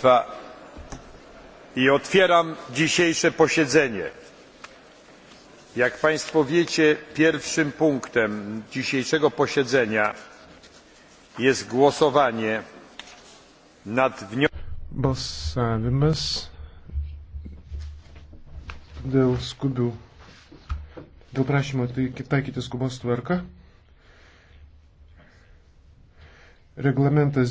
państwa i otwieram dzisiejsze posiedzenie. jak państwo wiecie pierwszym punktem dzisiejszego posiedzenia jest głosowanie nad balsavimas e, dėl skubių dėl prašymo taikyti skubos tvarką reglamentas